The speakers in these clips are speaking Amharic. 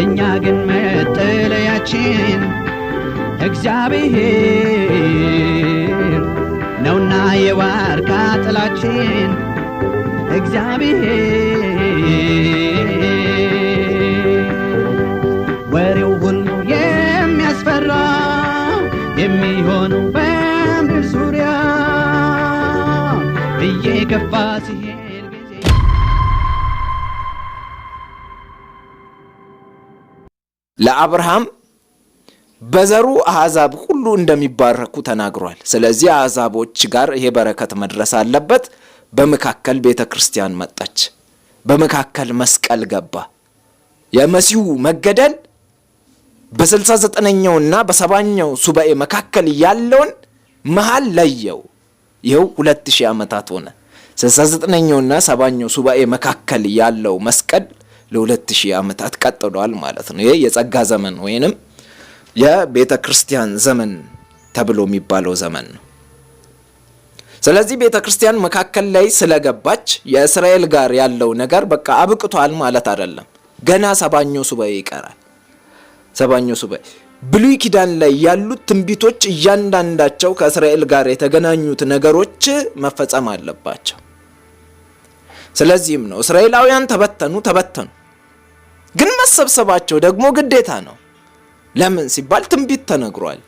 እኛ ግን መጠለያችን እግዚአብሔር ነውና የዋርካ ጥላችን እግዚአብሔር ወሬው ሁሉ የሚያስፈራ የሚሆነው በምድር ዙሪያ እየገፋ ሲሄ ለአብርሃም በዘሩ አሕዛብ ሁሉ እንደሚባረኩ ተናግሯል። ስለዚህ አሕዛቦች ጋር ይሄ በረከት መድረስ አለበት። በመካከል ቤተ ክርስቲያን መጣች። በመካከል መስቀል ገባ። የመሲሁ መገደል በስልሳ ዘጠነኛውና በሰባኛው ሱባኤ መካከል ያለውን መሃል ለየው። ይኸው ሁለት ሺህ ዓመታት ሆነ። ስልሳ ዘጠነኛውና ሰባኛው ሱባኤ መካከል ያለው መስቀል ለሁለት ሺህ ዓመታት ቀጥሏል ማለት ነው። ይህ የጸጋ ዘመን ወይንም የቤተ ክርስቲያን ዘመን ተብሎ የሚባለው ዘመን ነው። ስለዚህ ቤተ ክርስቲያን መካከል ላይ ስለገባች የእስራኤል ጋር ያለው ነገር በቃ አብቅቷል ማለት አይደለም። ገና ሰባኛው ሱባኤ ይቀራል። ሰባኛው ሱባኤ ብሉይ ኪዳን ላይ ያሉት ትንቢቶች እያንዳንዳቸው ከእስራኤል ጋር የተገናኙት ነገሮች መፈጸም አለባቸው። ስለዚህም ነው እስራኤላውያን ተበተኑ ተበተኑ ግን መሰብሰባቸው ደግሞ ግዴታ ነው። ለምን ሲባል ትንቢት ተነግሯል።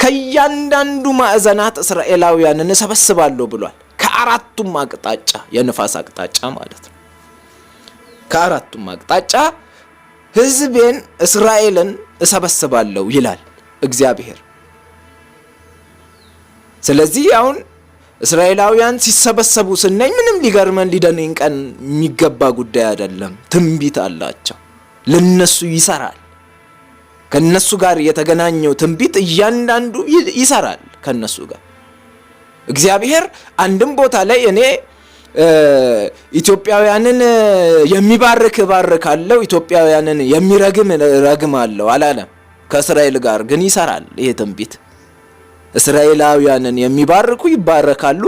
ከእያንዳንዱ ማዕዘናት እስራኤላውያንን እሰበስባለሁ ብሏል። ከአራቱም አቅጣጫ የንፋስ አቅጣጫ ማለት ነው። ከአራቱም አቅጣጫ ሕዝቤን እስራኤልን እሰበስባለሁ ይላል እግዚአብሔር። ስለዚህ አሁን እስራኤላውያን ሲሰበሰቡ ስናይ ምንም ሊገርመን ሊደንቀን ቀን የሚገባ ጉዳይ አይደለም። ትንቢት አላቸው፣ ለነሱ ይሰራል። ከነሱ ጋር የተገናኘው ትንቢት እያንዳንዱ ይሰራል ከነሱ ጋር። እግዚአብሔር አንድም ቦታ ላይ እኔ ኢትዮጵያውያንን የሚባርክ እባርካለሁ፣ ኢትዮጵያውያንን የሚረግም ረግማለሁ አላለም። ከእስራኤል ጋር ግን ይሰራል ይሄ ትንቢት። እስራኤላውያንን የሚባርኩ ይባረካሉ፣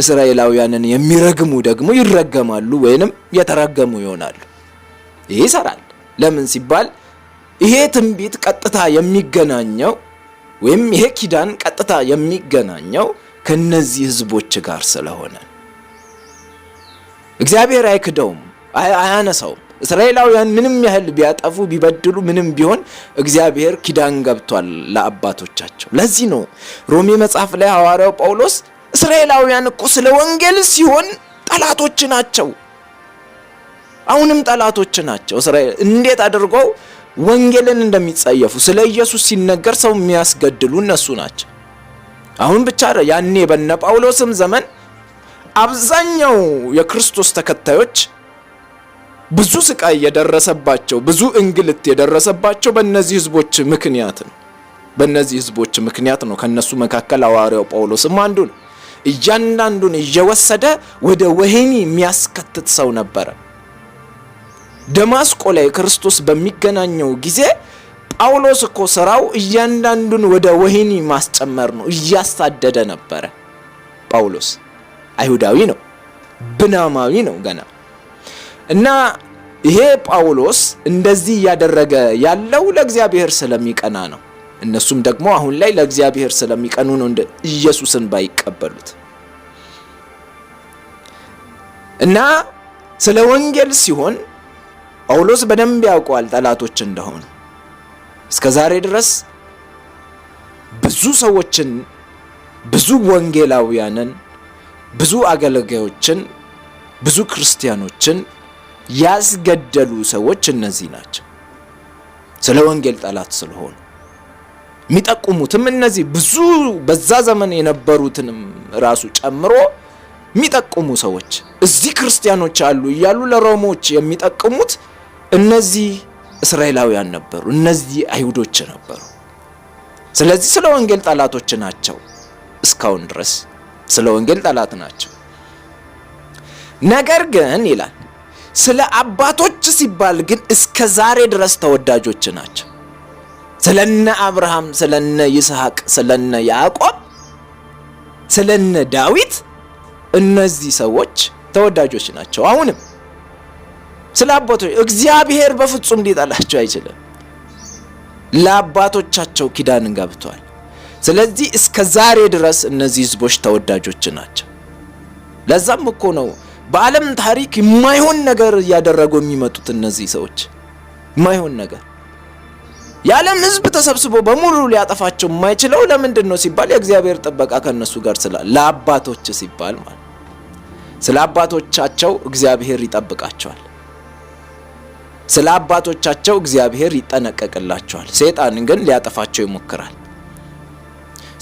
እስራኤላውያንን የሚረግሙ ደግሞ ይረገማሉ ወይንም የተረገሙ ይሆናሉ። ይህ ይሰራል። ለምን ሲባል ይሄ ትንቢት ቀጥታ የሚገናኘው ወይም ይሄ ኪዳን ቀጥታ የሚገናኘው ከነዚህ ህዝቦች ጋር ስለሆነ እግዚአብሔር አይክደውም፣ አያነሳውም። እስራኤላውያን ምንም ያህል ቢያጠፉ ቢበድሉ ምንም ቢሆን እግዚአብሔር ኪዳን ገብቷል ለአባቶቻቸው። ለዚህ ነው ሮሜ መጽሐፍ ላይ ሐዋርያው ጳውሎስ እስራኤላውያን እኮ ስለ ወንጌል ሲሆን ጠላቶች ናቸው፣ አሁንም ጠላቶች ናቸው። እስራኤል እንዴት አድርገው ወንጌልን እንደሚጸየፉ ስለ ኢየሱስ ሲነገር ሰው የሚያስገድሉ እነሱ ናቸው። አሁን ብቻ ያኔ በነ ጳውሎስም ዘመን አብዛኛው የክርስቶስ ተከታዮች ብዙ ስቃይ የደረሰባቸው ብዙ እንግልት የደረሰባቸው በእነዚህ ህዝቦች ምክንያት ነው። በእነዚህ ህዝቦች ምክንያት ነው። ከነሱ መካከል ሐዋርያው ጳውሎስም አንዱ ነው። እያንዳንዱን እየወሰደ ወደ ወህኒ የሚያስከትት ሰው ነበረ። ደማስቆ ላይ ክርስቶስ በሚገናኘው ጊዜ ጳውሎስ እኮ ስራው እያንዳንዱን ወደ ወህኒ ማስጨመር ነው። እያሳደደ ነበረ። ጳውሎስ አይሁዳዊ ነው፣ ብናማዊ ነው ገና እና ይሄ ጳውሎስ እንደዚህ እያደረገ ያለው ለእግዚአብሔር ስለሚቀና ነው። እነሱም ደግሞ አሁን ላይ ለእግዚአብሔር ስለሚቀኑ ነው እንደ ኢየሱስን ባይቀበሉት እና ስለ ወንጌል ሲሆን ጳውሎስ በደንብ ያውቀዋል ጠላቶች እንደሆኑ። እስከ ዛሬ ድረስ ብዙ ሰዎችን፣ ብዙ ወንጌላውያንን፣ ብዙ አገልጋዮችን፣ ብዙ ክርስቲያኖችን ያስገደሉ ሰዎች እነዚህ ናቸው። ስለ ወንጌል ጠላት ስለሆኑ የሚጠቁሙትም እነዚህ ብዙ በዛ ዘመን የነበሩትንም ራሱ ጨምሮ የሚጠቁሙ ሰዎች እዚህ ክርስቲያኖች አሉ እያሉ ለሮሞች የሚጠቅሙት እነዚህ እስራኤላውያን ነበሩ፣ እነዚህ አይሁዶች ነበሩ። ስለዚህ ስለ ወንጌል ጠላቶች ናቸው። እስካሁን ድረስ ስለ ወንጌል ጠላት ናቸው። ነገር ግን ይላል ስለ አባቶች ሲባል ግን እስከ ዛሬ ድረስ ተወዳጆች ናቸው። ስለነ አብርሃም፣ ስለነ ይስሐቅ፣ ስለነ ያዕቆብ፣ ስለነ ዳዊት እነዚህ ሰዎች ተወዳጆች ናቸው። አሁንም ስለ አባቶች እግዚአብሔር በፍጹም ሊጠላቸው አይችልም። ለአባቶቻቸው ኪዳን ገብቷል። ስለዚህ እስከ ዛሬ ድረስ እነዚህ ህዝቦች ተወዳጆች ናቸው። ለዛም እኮ ነው በዓለም ታሪክ የማይሆን ነገር እያደረጉ የሚመጡት እነዚህ ሰዎች የማይሆን ነገር የዓለም ሕዝብ ተሰብስቦ በሙሉ ሊያጠፋቸው የማይችለው ለምንድን ነው ሲባል የእግዚአብሔር ጥበቃ ከእነሱ ጋር ስላለ ለአባቶች ሲባል ማለት ስለ አባቶቻቸው እግዚአብሔር ይጠብቃቸዋል። ስለ አባቶቻቸው እግዚአብሔር ይጠነቀቅላቸዋል። ሰይጣን ግን ሊያጠፋቸው ይሞክራል።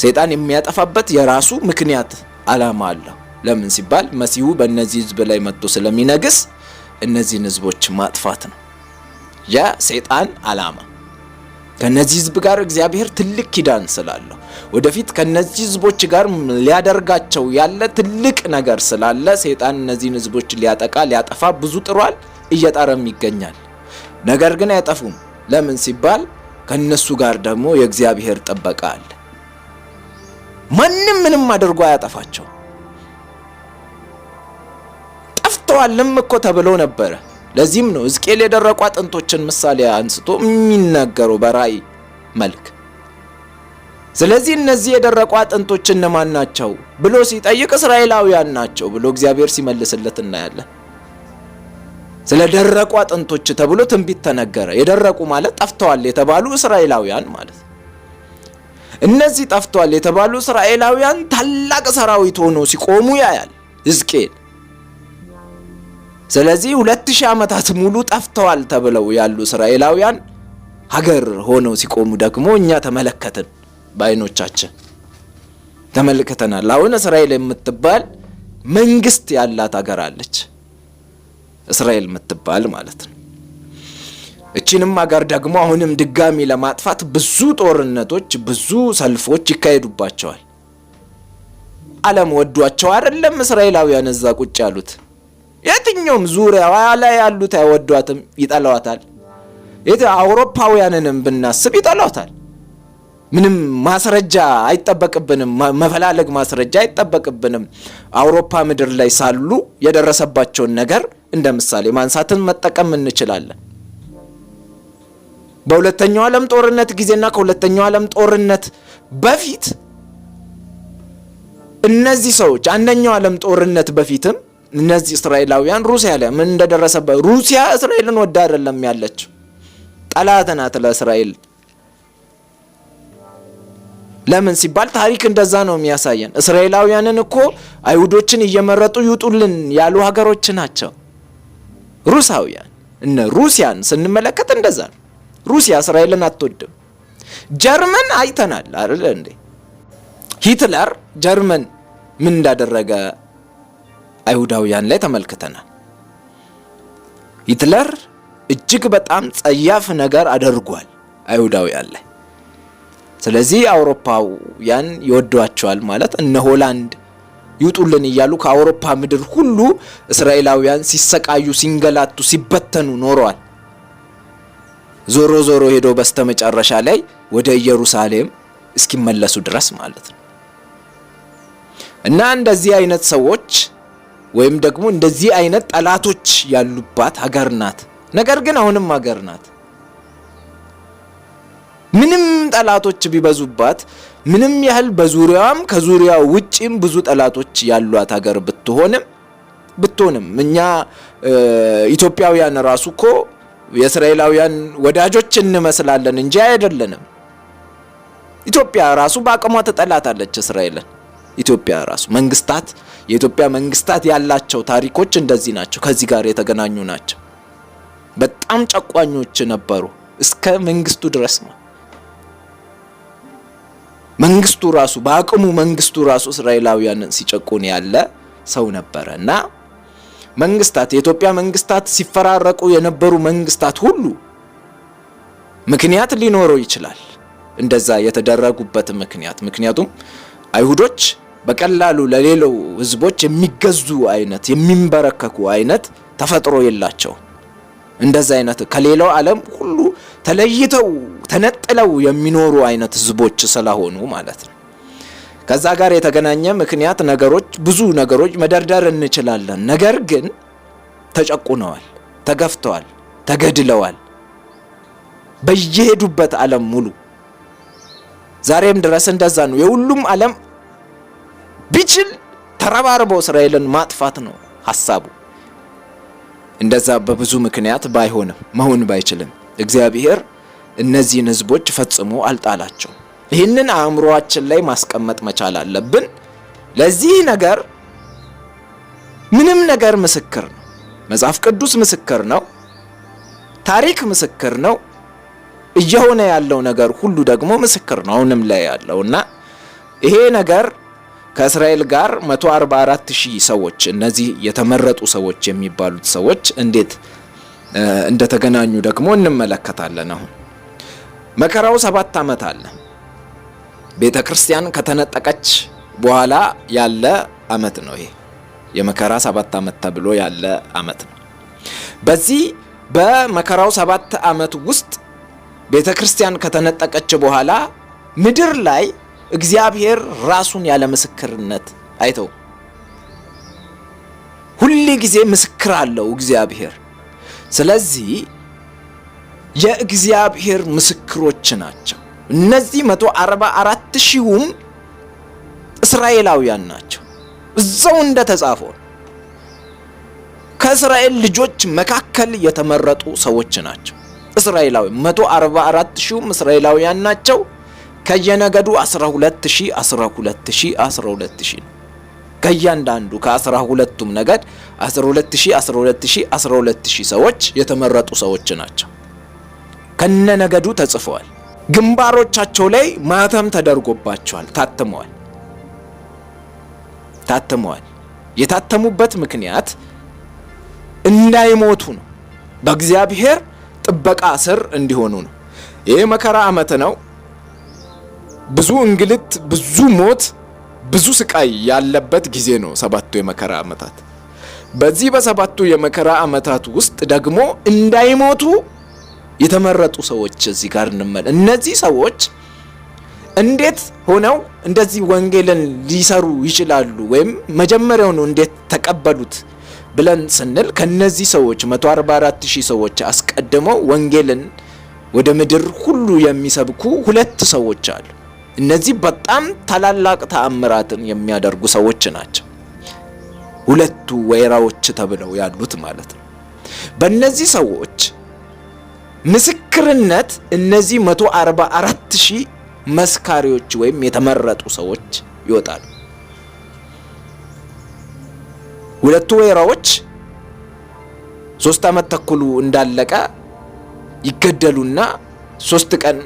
ሰይጣን የሚያጠፋበት የራሱ ምክንያት ዓላማ አለው። ለምን ሲባል መሲሁ በእነዚህ ህዝብ ላይ መጥቶ ስለሚነግስ እነዚህን ህዝቦች ማጥፋት ነው የሰይጣን አላማ ከነዚህ ህዝብ ጋር እግዚአብሔር ትልቅ ኪዳን ስላለው ወደፊት ከነዚህ ህዝቦች ጋር ሊያደርጋቸው ያለ ትልቅ ነገር ስላለ ሰይጣን እነዚህን ህዝቦች ሊያጠቃ ሊያጠፋ ብዙ ጥሯል፣ እየጣረም ይገኛል። ነገር ግን አይጠፉም። ለምን ሲባል ከነሱ ጋር ደግሞ የእግዚአብሔር ጥበቃ አለ። ማንም ምንም አድርጎ አያጠፋቸው። አልም እኮ ተብሎ ነበረ። ለዚህም ነው ሕዝቅኤል የደረቁ አጥንቶችን ምሳሌ አንስቶ የሚናገረው በራእይ መልክ። ስለዚህ እነዚህ የደረቁ አጥንቶች እነማን ናቸው ብሎ ሲጠይቅ እስራኤላውያን ናቸው ብሎ እግዚአብሔር ሲመልስለት እናያለን። ስለ ደረቁ አጥንቶች ተብሎ ትንቢት ተነገረ። የደረቁ ማለት ጠፍተዋል የተባሉ እስራኤላውያን ማለት እነዚህ ጠፍተዋል የተባሉ እስራኤላውያን ታላቅ ሰራዊት ሆኖ ሲቆሙ ያያል ሕዝቅኤል። ስለዚህ ሁለት ሺህ ዓመታት ሙሉ ጠፍተዋል ተብለው ያሉ እስራኤላውያን ሀገር ሆነው ሲቆሙ ደግሞ እኛ ተመለከትን፣ በአይኖቻችን ተመልክተናል። አሁን እስራኤል የምትባል መንግስት ያላት ሀገር አለች፣ እስራኤል የምትባል ማለት ነው። እችንም ሀገር ደግሞ አሁንም ድጋሚ ለማጥፋት ብዙ ጦርነቶች፣ ብዙ ሰልፎች ይካሄዱባቸዋል። ዓለም ወዷቸው አይደለም እስራኤላውያን እዛ ቁጭ ያሉት የትኛውም ዙሪያዋ ላይ ያሉት አይወዷትም፣ ይጠላዋታል። አውሮፓውያንንም ብናስብ ይጠላዋታል። ምንም ማስረጃ አይጠበቅብንም፣ መፈላለግ ማስረጃ አይጠበቅብንም። አውሮፓ ምድር ላይ ሳሉ የደረሰባቸውን ነገር እንደ ምሳሌ ማንሳትን መጠቀም እንችላለን። በሁለተኛው ዓለም ጦርነት ጊዜና ከሁለተኛው ዓለም ጦርነት በፊት እነዚህ ሰዎች አንደኛው ዓለም ጦርነት በፊትም እነዚህ እስራኤላውያን ሩሲያ ላይ ምን እንደደረሰበት ሩሲያ እስራኤልን ወዳ አይደለም ያለችው፣ ጠላት ናት ለእስራኤል። ለምን ሲባል ታሪክ እንደዛ ነው የሚያሳየን። እስራኤላውያንን እኮ አይሁዶችን እየመረጡ ይውጡልን ያሉ ሀገሮች ናቸው ሩሳውያን። እነ ሩሲያን ስንመለከት እንደዛ ነው። ሩሲያ እስራኤልን አትወድም። ጀርመን አይተናል አይደል እንዴ? ሂትለር ጀርመን ምን እንዳደረገ አይሁዳውያን ላይ ተመልክተናል። ሂትለር እጅግ በጣም ጸያፍ ነገር አድርጓል አይሁዳውያን ላይ። ስለዚህ አውሮፓውያን ይወዷቸዋል ማለት እነ ሆላንድ ይውጡልን እያሉ ከአውሮፓ ምድር ሁሉ እስራኤላውያን ሲሰቃዩ፣ ሲንገላቱ፣ ሲበተኑ ኖረዋል። ዞሮ ዞሮ ሄዶ በስተመጨረሻ ላይ ወደ ኢየሩሳሌም እስኪመለሱ ድረስ ማለት ነው እና እንደዚህ አይነት ሰዎች ወይም ደግሞ እንደዚህ አይነት ጠላቶች ያሉባት ሀገር ናት። ነገር ግን አሁንም ሀገር ናት። ምንም ጠላቶች ቢበዙባት፣ ምንም ያህል በዙሪያዋም ከዙሪያ ውጪም ብዙ ጠላቶች ያሏት ሀገር ብትሆንም ብትሆንም እኛ ኢትዮጵያውያን ራሱ እኮ የእስራኤላውያን ወዳጆች እንመስላለን እንጂ አይደለንም። ኢትዮጵያ ራሱ በአቅሟ ተጠላታለች እስራኤልን። ኢትዮጵያ ራሱ መንግስታት የኢትዮጵያ መንግስታት ያላቸው ታሪኮች እንደዚህ ናቸው፣ ከዚህ ጋር የተገናኙ ናቸው። በጣም ጨቋኞች ነበሩ እስከ መንግስቱ ድረስ ነው። መንግስቱ ራሱ በአቅሙ መንግስቱ ራሱ እስራኤላውያንን ሲጨቁን ያለ ሰው ነበረ እና መንግስታት የኢትዮጵያ መንግስታት ሲፈራረቁ የነበሩ መንግስታት ሁሉ ምክንያት ሊኖረው ይችላል። እንደዛ የተደረጉበት ምክንያት ምክንያቱም አይሁዶች በቀላሉ ለሌለው ህዝቦች የሚገዙ አይነት የሚንበረከኩ አይነት ተፈጥሮ የላቸው። እንደዚ አይነት ከሌላው ዓለም ሁሉ ተለይተው ተነጥለው የሚኖሩ አይነት ህዝቦች ስለሆኑ ማለት ነው። ከዛ ጋር የተገናኘ ምክንያት ነገሮች ብዙ ነገሮች መደርደር እንችላለን። ነገር ግን ተጨቁነዋል፣ ተገፍተዋል፣ ተገድለዋል በየሄዱበት ዓለም ሙሉ ዛሬም ድረስ እንደዛ ነው የሁሉም ዓለም ቢችል ተረባርቦ እስራኤልን ማጥፋት ነው ሀሳቡ። እንደዛ በብዙ ምክንያት ባይሆንም መሆን ባይችልም እግዚአብሔር እነዚህን ህዝቦች ፈጽሞ አልጣላቸው። ይህንን አእምሮአችን ላይ ማስቀመጥ መቻል አለብን። ለዚህ ነገር ምንም ነገር ምስክር ነው። መጽሐፍ ቅዱስ ምስክር ነው። ታሪክ ምስክር ነው። እየሆነ ያለው ነገር ሁሉ ደግሞ ምስክር ነው። አሁንም ላይ ያለው እና ይሄ ነገር ከእስራኤል ጋር 144 ሺህ ሰዎች እነዚህ የተመረጡ ሰዎች የሚባሉት ሰዎች እንዴት እንደተገናኙ ደግሞ እንመለከታለን። አሁን መከራው ሰባት ዓመት አለ። ቤተ ክርስቲያን ከተነጠቀች በኋላ ያለ ዓመት ነው ይሄ የመከራ ሰባት ዓመት ተብሎ ያለ ዓመት ነው። በዚህ በመከራው ሰባት ዓመት ውስጥ ቤተ ክርስቲያን ከተነጠቀች በኋላ ምድር ላይ እግዚአብሔር ራሱን ያለ ምስክርነት አይተው። ሁሌ ጊዜ ምስክር አለው እግዚአብሔር። ስለዚህ የእግዚአብሔር ምስክሮች ናቸው እነዚህ መቶ አርባ አራት ሺሁም እስራኤላውያን ናቸው። እዛው እንደተጻፈው ከእስራኤል ልጆች መካከል የተመረጡ ሰዎች ናቸው። እስራኤላዊ መቶ አርባ አራት ሺሁም እስራኤላውያን ናቸው። ከየነገዱ 12000 12000 12000 ከእያንዳንዱ ከ12ቱም ነገድ 12000 12000 12000 ሰዎች የተመረጡ ሰዎች ናቸው። ከነ ነገዱ ተጽፈዋል። ግንባሮቻቸው ላይ ማተም ተደርጎባቸዋል። ታትመዋል ታትመዋል። የታተሙበት ምክንያት እንዳይሞቱ ነው። በእግዚአብሔር ጥበቃ ስር እንዲሆኑ ነው። ይህ መከራ ዓመት ነው። ብዙ እንግልት፣ ብዙ ሞት፣ ብዙ ስቃይ ያለበት ጊዜ ነው ሰባቱ የመከራ ዓመታት። በዚህ በሰባቱ የመከራ ዓመታት ውስጥ ደግሞ እንዳይሞቱ የተመረጡ ሰዎች እዚህ ጋር እንመል። እነዚህ ሰዎች እንዴት ሆነው እንደዚህ ወንጌልን ሊሰሩ ይችላሉ? ወይም መጀመሪያውኑ እንዴት ተቀበሉት ብለን ስንል ከነዚህ ሰዎች 144 ሺህ ሰዎች አስቀድመው ወንጌልን ወደ ምድር ሁሉ የሚሰብኩ ሁለት ሰዎች አሉ። እነዚህ በጣም ታላላቅ ተአምራትን የሚያደርጉ ሰዎች ናቸው። ሁለቱ ወይራዎች ተብለው ያሉት ማለት ነው። በእነዚህ ሰዎች ምስክርነት እነዚህ 144 ሺህ መስካሪዎች ወይም የተመረጡ ሰዎች ይወጣሉ። ሁለቱ ወይራዎች ሶስት ዓመት ተኩሉ እንዳለቀ ይገደሉና ሶስት ቀን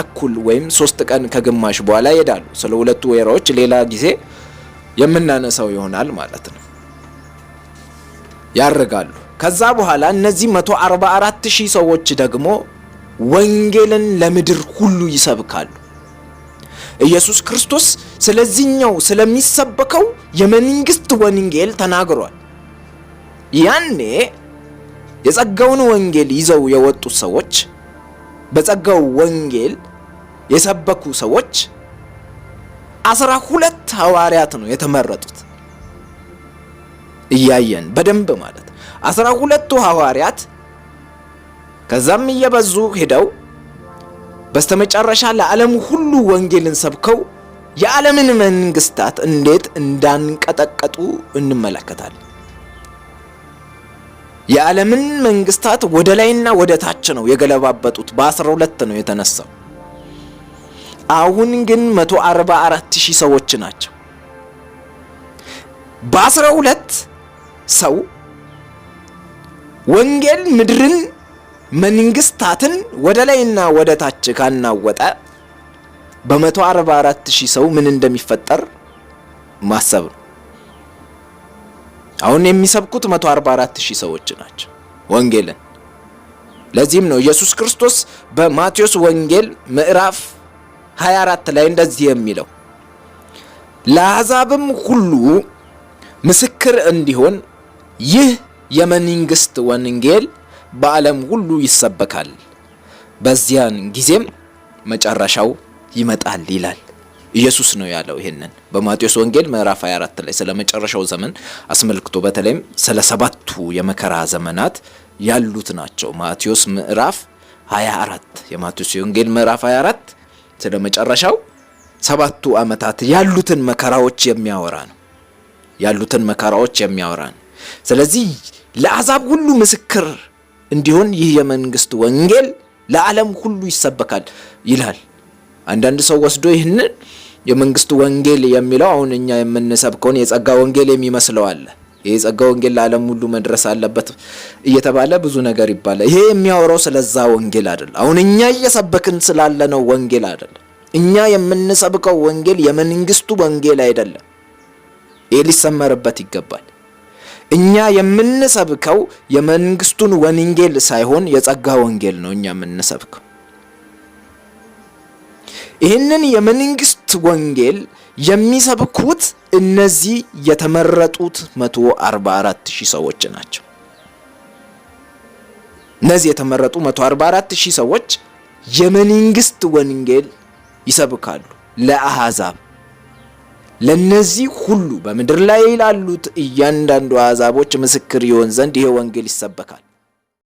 ተኩል ወይም ሶስት ቀን ከግማሽ በኋላ ይሄዳሉ። ስለ ሁለቱ ወይራዎች ሌላ ጊዜ የምናነሳው ይሆናል ማለት ነው። ያርጋሉ። ከዛ በኋላ እነዚህ 144000 ሺህ ሰዎች ደግሞ ወንጌልን ለምድር ሁሉ ይሰብካሉ። ኢየሱስ ክርስቶስ ስለዚህኛው ስለሚሰበከው የመንግስት ወንጌል ተናግሯል። ያኔ የጸጋውን ወንጌል ይዘው የወጡት ሰዎች በጸጋው ወንጌል የሰበኩ ሰዎች አስራ ሁለት ሐዋርያት ነው የተመረጡት። እያየን በደንብ ማለት አስራ ሁለቱ ሐዋርያት ከዛም እየበዙ ሄደው በስተመጨረሻ ለዓለም ሁሉ ወንጌልን ሰብከው የዓለምን መንግስታት እንዴት እንዳንቀጠቀጡ እንመለከታለን። የዓለምን መንግስታት ወደ ላይና ወደ ታች ነው የገለባበጡት። በአስራ ሁለት ነው የተነሳው። አሁን ግን 144 ሺህ ሰዎች ናቸው። በ12 ሰው ወንጌል ምድርን መንግስታትን ወደ ላይና ወደ ታች ካናወጠ በ144 ሰው ምን እንደሚፈጠር ማሰብ ነው። አሁን የሚሰብኩት 144 ሺህ ሰዎች ናቸው ወንጌልን። ለዚህም ነው ኢየሱስ ክርስቶስ በማቴዎስ ወንጌል ምዕራፍ 24 ላይ እንደዚህ የሚለው ለአሕዛብም ሁሉ ምስክር እንዲሆን ይህ የመንግስት ወንጌል በዓለም ሁሉ ይሰበካል፣ በዚያን ጊዜም መጨረሻው ይመጣል ይላል። ኢየሱስ ነው ያለው። ይህንን በማቴዎስ ወንጌል ምዕራፍ 24 ላይ ስለ መጨረሻው ዘመን አስመልክቶ በተለይም ስለ ሰባቱ የመከራ ዘመናት ያሉት ናቸው። ማቴዎስ ምዕራፍ 24 የማቴዎስ ወንጌል ምዕራፍ 24 ስለ መጨረሻው ሰባቱ ዓመታት ያሉትን መከራዎች የሚያወራ ነው። ያሉትን መከራዎች የሚያወራ ነው። ስለዚህ ለአሕዛብ ሁሉ ምስክር እንዲሆን ይህ የመንግስት ወንጌል ለዓለም ሁሉ ይሰበካል ይላል። አንዳንድ ሰው ወስዶ ይህንን የመንግስት ወንጌል የሚለው አሁን እኛ የምንሰብከውን የጸጋ ወንጌል የሚመስለው አለ። የጸጋ ወንጌል ለዓለም ሁሉ መድረስ አለበት እየተባለ ብዙ ነገር ይባላል። ይሄ የሚያወራው ስለዛ ወንጌል አይደል። አሁን እኛ እየሰበክን ስላለነው ወንጌል አይደል። እኛ የምንሰብከው ወንጌል የመንግስቱ ወንጌል አይደለም። ይሄ ሊሰመርበት ይገባል። እኛ የምንሰብከው የመንግስቱን ወንጌል ሳይሆን የጸጋ ወንጌል ነው። እኛ የምንሰብከው ይህንን የመንግስት ወንጌል የሚሰብኩት እነዚህ የተመረጡት 144 ሺህ ሰዎች ናቸው። እነዚህ የተመረጡ 144 ሺህ ሰዎች የመንግስት ወንጌል ይሰብካሉ ለአሕዛብ። ለነዚህ ሁሉ በምድር ላይ ላሉት እያንዳንዱ አሕዛቦች ምስክር ይሆን ዘንድ ይሄ ወንጌል ይሰበካል።